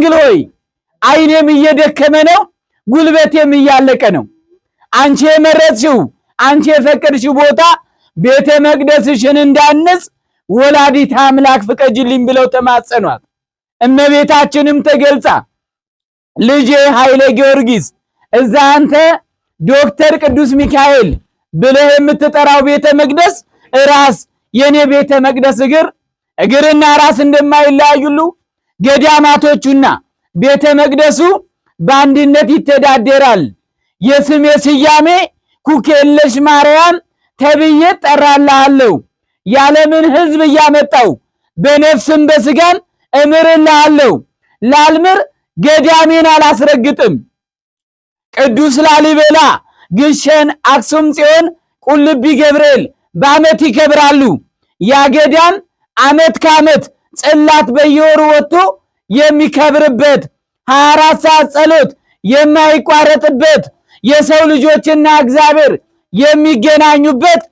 ድንግል ሆይ አይኔም እየደከመ ነው፣ ጉልበቴም እያለቀ ነው። አንቺ የመረጥሽው አንቺ የፈቀድሽው ቦታ ቤተ መቅደስሽን እንዳንጽ ወላዲታ አምላክ ፍቀጅልኝ ብለው ተማጸኗት። እመቤታችንም ተገልጻ ልጄ ኃይለ ጊዮርጊስ እዛ አንተ ዶክተር ቅዱስ ሚካኤል ብለህ የምትጠራው ቤተ መቅደስ ራስ የኔ ቤተ መቅደስ እግር እግርና ራስ እንደማይለያዩሉ ገዳማቶቹና ቤተ መቅደሱ በአንድነት ይተዳደራል። የስሜ ስያሜ ኩኬለሽ ማርያም ተብዬ ጠራልሃለሁ። የዓለምን ሕዝብ እያመጣው በነፍስም በስጋን እምርልሃለሁ። ላልምር ገዳሜን አላስረግጥም። ቅዱስ ላሊበላ፣ ግሸን፣ አክሱም ጽዮን፣ ቁልቢ ገብርኤል በዓመት ይከብራሉ። ያ ገዳም ዓመት ከዓመት ጽላት በየወሩ ወጥቶ የሚከብርበት 24 ሰዓት ጸሎት የማይቋረጥበት የሰው ልጆችና እግዚአብሔር የሚገናኙበት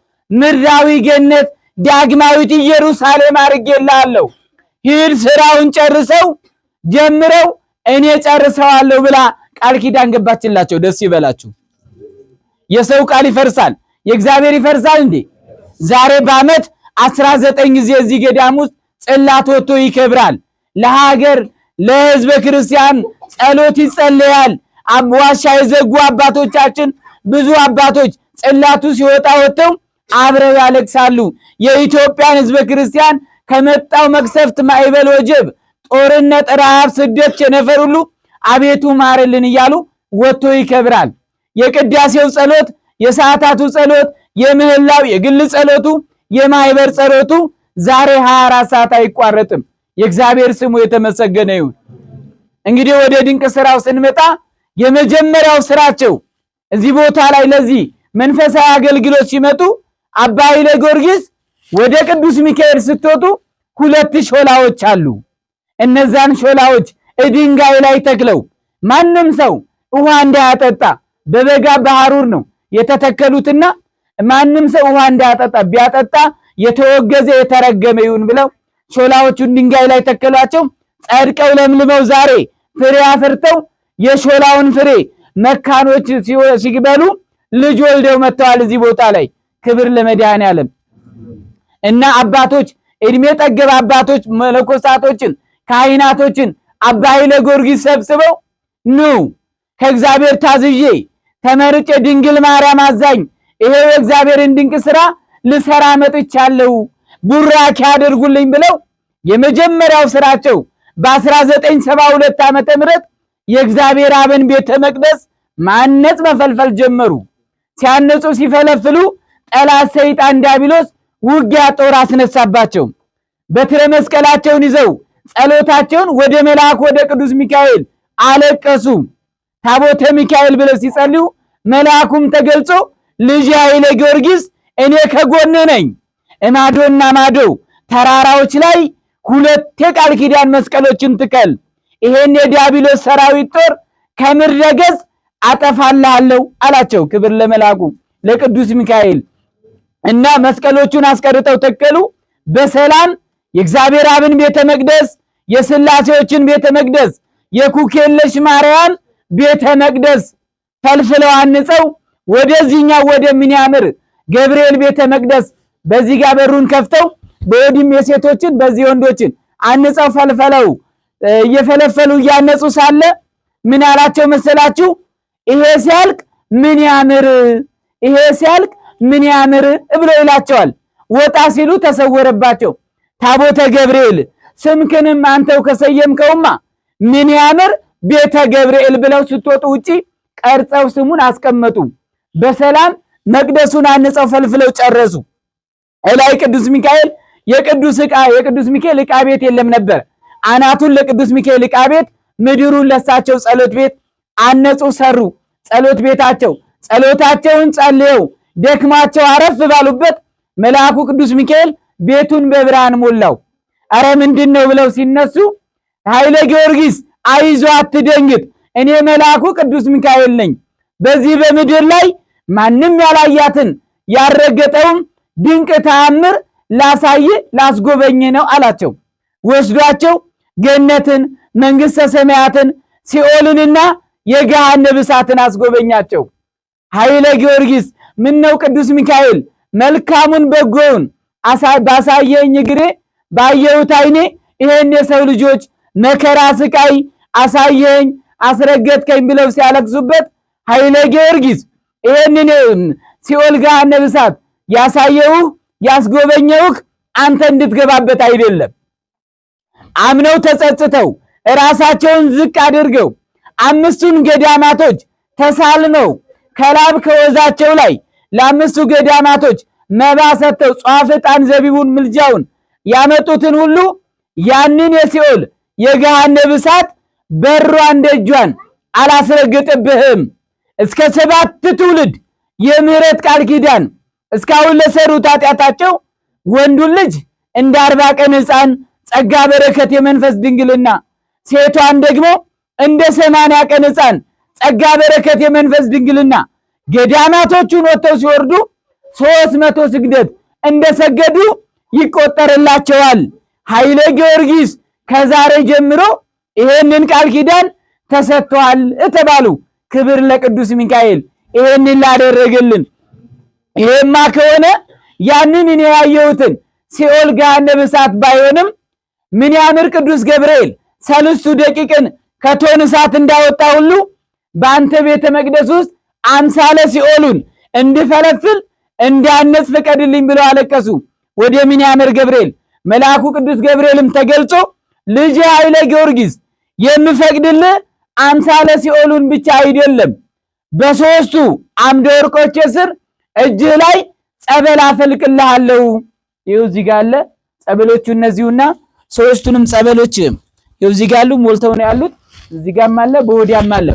ምድራዊ ገነት ዳግማዊት ኢየሩሳሌም አድርጌላለሁ። ሂድ ስራውን ጨርሰው ጀምረው እኔ ጨርሰዋለሁ ብላ ቃል ኪዳን ገባችላቸው። ደስ ይበላችሁ። የሰው ቃል ይፈርሳል፣ የእግዚአብሔር ይፈርሳል እንዴ? ዛሬ በዓመት 19 ጊዜ እዚህ ገዳም ውስጥ ጽላት ወጥቶ ይከብራል። ለሀገር ለህዝበ ክርስቲያን ጸሎት ይጸለያል። ዋሻ የዘጉ አባቶቻችን ብዙ አባቶች ጽላቱ ሲወጣ ወጥተው አብረው ያለቅሳሉ። የኢትዮጵያን ህዝበ ክርስቲያን ከመጣው መቅሰፍት፣ ማዕበል፣ ወጀብ፣ ጦርነት፣ ረሃብ፣ ስደት፣ ቸነፈር ሁሉ አቤቱ ማርልን እያሉ ወጥቶ ይከብራል። የቅዳሴው ጸሎት፣ የሰዓታቱ ጸሎት፣ የምህላው የግል ጸሎቱ፣ የማይበር ጸሎቱ ዛሬ 24 ሰዓት አይቋረጥም። የእግዚአብሔር ስሙ የተመሰገነ ይሁን። እንግዲህ ወደ ድንቅ ስራው ስንመጣ የመጀመሪያው ስራቸው እዚህ ቦታ ላይ ለዚህ መንፈሳዊ አገልግሎት ሲመጡ አባ ኃይለ ጊዮርጊስ ወደ ቅዱስ ሚካኤል ስትወጡ ሁለት ሾላዎች አሉ። እነዛን ሾላዎች እድንጋይ ላይ ተክለው ማንም ሰው ውሃ እንዳያጠጣ በበጋ በሐሩር ነው የተተከሉትና ማንም ሰው ውሃ እንዳያጠጣ ቢያጠጣ የተወገዘ የተረገመ ይሁን ብለው ሾላዎቹን ድንጋይ ላይ ተከሏቸው። ጸድቀው ለምልመው ዛሬ ፍሬ አፍርተው የሾላውን ፍሬ መካኖች ሲበሉ ልጅ ወልደው መጥተዋል። እዚህ ቦታ ላይ ክብር ለመድኃኔ ያለም። እና አባቶች እድሜ ጠገብ አባቶች መለኮሳቶችን፣ ካህናቶችን አባ ኃይለ ጊዮርጊስ ሰብስበው ኑ ከእግዚአብሔር ታዝዤ ተመርጬ ድንግል ማርያም አዛኝ ይሄው የእግዚአብሔርን ድንቅ ስራ ልሰራ መጥቻለሁ ቡራኪ አድርጉልኝ ብለው የመጀመሪያው ስራቸው በ1972 ዓመተ ምህረት የእግዚአብሔር አብን ቤተ መቅደስ ማነጽ መፈልፈል ጀመሩ። ሲያነጹ ሲፈለፍሉ ጠላት ሰይጣን ዲያብሎስ ውጊያ ጦር አስነሳባቸው። በትረ መስቀላቸውን ይዘው ጸሎታቸውን ወደ መልአክ ወደ ቅዱስ ሚካኤል አለቀሱ። ታቦተ ሚካኤል ብለው ሲጸልዩ መልአኩም ተገልጾ ልጅ ኃይለ ጊዮርጊስ እኔ ከጎንህ ነኝ። እማዶና ማዶ ተራራዎች ላይ ሁለት የቃል ኪዳን መስቀሎችን ትከል። ይሄን የዲያብሎስ ሰራዊት ጦር ከምድረ ገጽ አጠፋልሃለሁ አላቸው። ክብር ለመላኩ ለቅዱስ ሚካኤል። እና መስቀሎቹን አስቀርጠው ተከሉ። በሰላም የእግዚአብሔር አብን ቤተ መቅደስ፣ የስላሴዎችን ቤተ መቅደስ፣ የኩኬለሽ ማርያም ቤተ መቅደስ ፈልፍለው አንጸው ወደዚህኛው ወደ ምን ያምር ገብርኤል ቤተ መቅደስ በዚህ ጋር በሩን ከፍተው በወዲም የሴቶችን በዚህ ወንዶችን አንጸው ፈልፈለው እየፈለፈሉ እያነጹ ሳለ ምን አላቸው መሰላችሁ? ይሄ ሲያልቅ ምን ያምር፣ ይሄ ሲያልቅ ምን ያምር ብሎ ይላቸዋል። ወጣ ሲሉ ተሰወረባቸው። ታቦተ ገብርኤል ስምክንም አንተው ከሰየምከውማ ምን ያምር ቤተ ገብርኤል ብለው ስትወጡ ውጪ ቀርጸው ስሙን አስቀመጡ። በሰላም መቅደሱን አንጸው ፈልፍለው ጨረሱ። እላይ ቅዱስ ሚካኤል የቅዱስ ዕቃ የቅዱስ ሚካኤል ዕቃ ቤት የለም ነበር። አናቱን ለቅዱስ ሚካኤል ዕቃ ቤት፣ ምድሩን ለሳቸው ጸሎት ቤት አነጹ፣ ሰሩ። ጸሎት ቤታቸው ጸሎታቸውን ጸልየው ደክማቸው አረፍ ባሉበት መልአኩ ቅዱስ ሚካኤል ቤቱን በብርሃን ሞላው። አረ ምንድን ነው ብለው ሲነሱ ኃይለ ጊዮርጊስ አይዞ አትደንግጥ፣ እኔ መልአኩ ቅዱስ ሚካኤል ነኝ። በዚህ በምድር ላይ ማንም ያላያትን ያረገጠውም ድንቅ ተአምር ላሳይ ላስጎበኝ ነው አላቸው። ወስዷቸው ገነትን፣ መንግሥተ ሰማያትን፣ ሲኦልንና የገሃነብ እሳትን አስጎበኛቸው። ኃይለ ጊዮርጊስ ምነው ቅዱስ ሚካኤል መልካሙን በጎውን ባሳየኝ እግሬ ባየሁት ዓይኔ ይሄን የሰው ልጆች መከራ ስቃይ አሳየኝ አስረገጥከኝ ብለው ሲያለቅሱበት ኃይለ ጊዮርጊስ ይሄንን ሲኦል ገሃነመ እሳት ያሳየውህ ያስጎበኘውህ አንተ እንድትገባበት አይደለም። አምነው ተጸጽተው ራሳቸውን ዝቅ አድርገው አምስቱን ገዳማቶች ተሳልመው ከላብ ከወዛቸው ላይ ለአምስቱ ገዳማቶች መባ ሰጥተው ጧፍ፣ ዕጣን፣ ዘቢቡን፣ ምልጃውን ያመጡትን ሁሉ ያንን የሲኦል የገሃነመ እሳት በሯን ደጇን አላስረግጥብህም እስከ ሰባት ትውልድ የምህረት ቃል ኪዳን እስካሁን ለሰሩት ኃጢአታቸው ወንዱን ልጅ እንደ አርባ ቀን ሕፃን ጸጋ በረከት የመንፈስ ድንግልና ሴቷን ደግሞ እንደ ሰማንያ ቀን ሕፃን ጸጋ በረከት የመንፈስ ድንግልና ገዳማቶቹን ወጥተው ሲወርዱ ሦስት መቶ ስግደት እንደሰገዱ ይቆጠርላቸዋል። ኃይለ ጊዮርጊስ ከዛሬ ጀምሮ ይሄንን ቃል ኪዳን ተሰጥቷል እተባሉ ክብር ለቅዱስ ሚካኤል ይሄንን ላደረገልን። ይሄማ ከሆነ ያንን እኔ ያየሁትን ሲኦል ገሃነመ እሳት ባይሆንም ምን ያምር ቅዱስ ገብርኤል ሰልስቱ ደቂቅን ከቶን እሳት እንዳወጣ ሁሉ በአንተ ቤተ መቅደስ ውስጥ አምሳለ ሲኦሉን እንድፈለፍል እንዳነጽ ፍቀድልኝ ብለው አለቀሱ። ወደ ምን ያምር ገብርኤል መልአኩ ቅዱስ ገብርኤልም ተገልጾ ልጅ ኃይለ ጊዮርጊስ የምፈቅድልህ አምሳለ ሲኦሉን ብቻ አይደለም፣ በሶስቱ አምደ ወርቆች ስር እጅህ ላይ ጸበል አፈልቅልሃለሁ። ይኸው እዚህ ጋር አለ ጸበሎቹ እነዚሁና ሶስቱንም ጸበሎች ይኸው እዚህ ጋር አሉ፣ ሞልተው ነው ያሉት። እዚህ ጋርም አለ፣ በወዲያም አለ።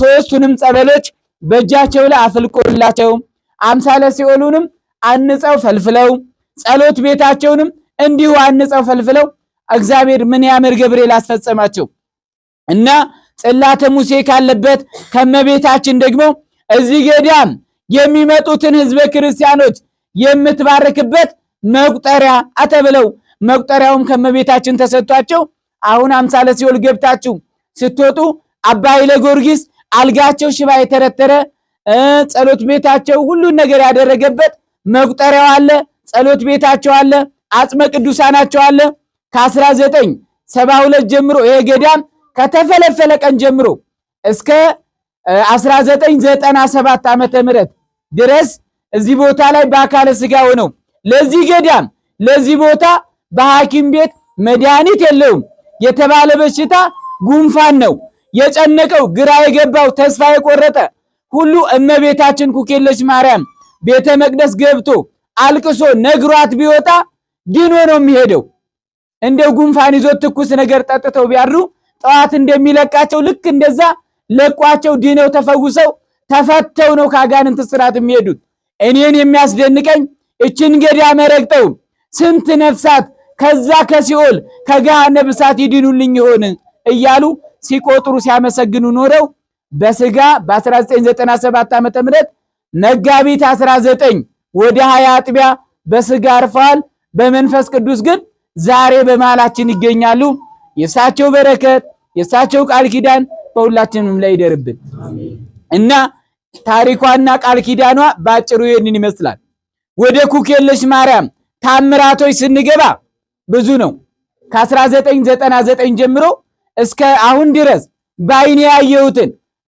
ሶስቱንም ጸበሎች በእጃቸው ላይ አፈልቆላቸው አምሳለ ሲኦሉንም አንጸው ፈልፍለው ጸሎት ቤታቸውንም እንዲሁ አንጸው ፈልፍለው እግዚአብሔር ምን ያምር ገብርኤል አስፈጸማቸው እና ጽላተ ሙሴ ካለበት ከመቤታችን ደግሞ እዚህ ገዳም የሚመጡትን ህዝበ ክርስቲያኖች የምትባርክበት መቁጠሪያ አተብለው መቁጠሪያውም ከመቤታችን ተሰጥቷቸው አሁን አምሳለ ሲኦል ገብታችሁ ስትወጡ አባ ኃይለ ጊዮርጊስ አልጋቸው ሽባ የተረተረ ጸሎት ቤታቸው ሁሉን ነገር ያደረገበት መቁጠሪያው አለ። ጸሎት ቤታቸው አለ። አጽመ ቅዱሳናቸው አለ። ከ1972 ጀምሮ ይሄ ገዳም ከተፈለፈለ ቀን ጀምሮ እስከ 1997 ዓመተ ምህረት ድረስ እዚህ ቦታ ላይ በአካለ ስጋ ሆነው ለዚህ ገዳም ለዚህ ቦታ በሐኪም ቤት መድኃኒት የለውም የተባለ በሽታ ጉንፋን ነው የጨነቀው፣ ግራ የገባው፣ ተስፋ የቆረጠ ሁሉ እመቤታችን ኩክየለሽ ማርያም ቤተ መቅደስ ገብቶ አልቅሶ ነግሯት ቢወጣ ድኖ ነው የሚሄደው። እንደው ጉንፋን ይዞት ትኩስ ነገር ጠጥተው ቢያድሩ ጠዋት እንደሚለቃቸው ልክ እንደዛ ለቋቸው ድነው ተፈውሰው ተፈተው ነው ከአጋንንት ስራት የሚሄዱት። እኔን የሚያስደንቀኝ እችን ገዳም ረግጠው ስንት ነፍሳት ከዛ ከሲኦል ከገሃነመ እሳት ይድኑልኝ ይሆን እያሉ ሲቆጥሩ ሲያመሰግኑ ኖረው በስጋ በ1997 ዓመተ ምህረት መጋቢት 19 ወደ 20 አጥቢያ በስጋ አርፈዋል። በመንፈስ ቅዱስ ግን ዛሬ በመሃላችን ይገኛሉ። የእሳቸው በረከት የእሳቸው ቃል ኪዳን በሁላችንም ላይ ይደርብን እና ታሪኳና ቃል ኪዳኗ ባጭሩ ይህንን ይመስላል። ወደ ኩኬልሽ ማርያም ታምራቶች ስንገባ ብዙ ነው። ከ1999 ጀምሮ እስከ አሁን ድረስ በአይኔ ያየሁትን